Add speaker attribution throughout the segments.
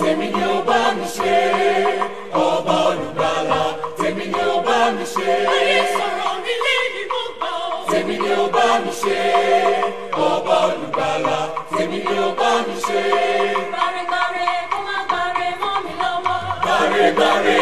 Speaker 1: tèmi ni ó bá mi ṣe ọba olùgbàlà tèmi ni ó bá mi ṣe. ayé sọ̀rọ̀ mi lẹ́yìn mo gbà ó. tèmi ni ó bá mi ṣe ọba olùgbàlà tèmi ni ó bá mi ṣe. gbàrẹ́gbàrẹ́ kó má gbàrẹ́ mọ́ mi lọ́wọ́. gbàrẹ́gbàrẹ́.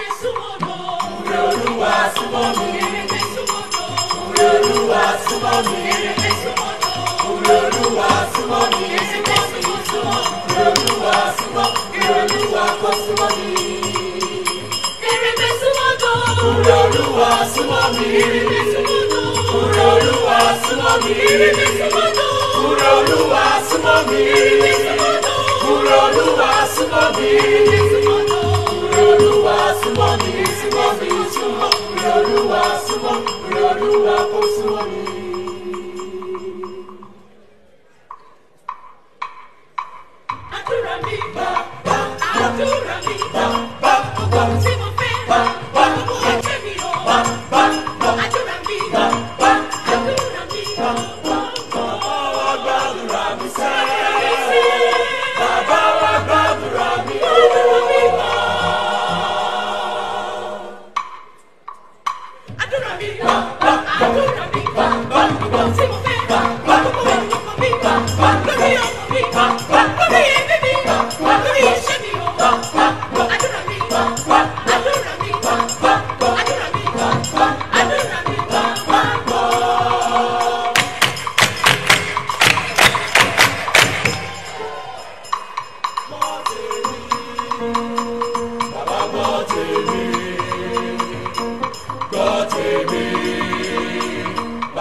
Speaker 1: Olúwa súnmọ́ mi. Olúwa súnmọ́ mi. Adúrà mi. Baba Baba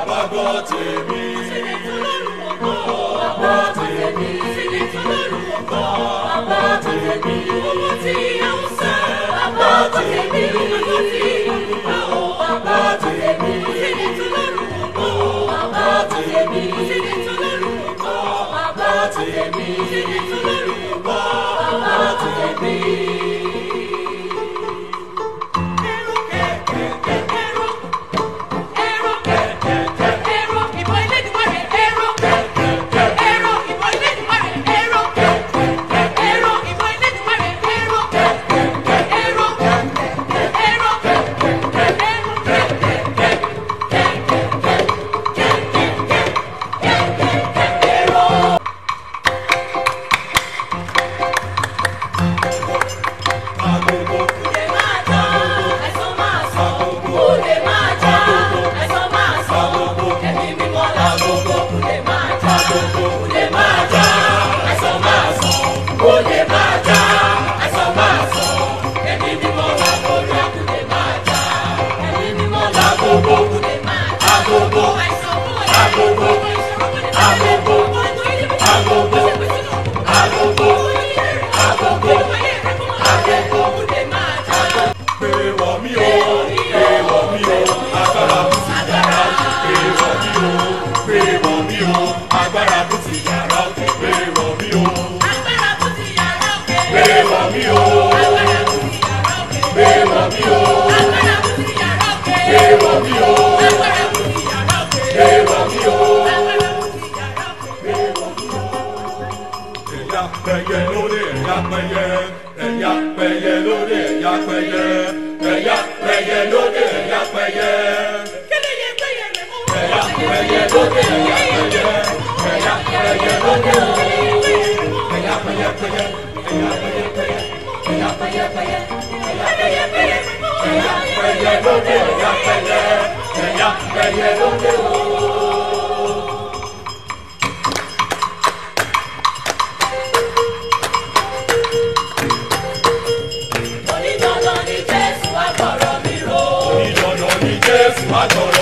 Speaker 1: bàbá gbọ́ tèmi. Okay. Yeah. daughter.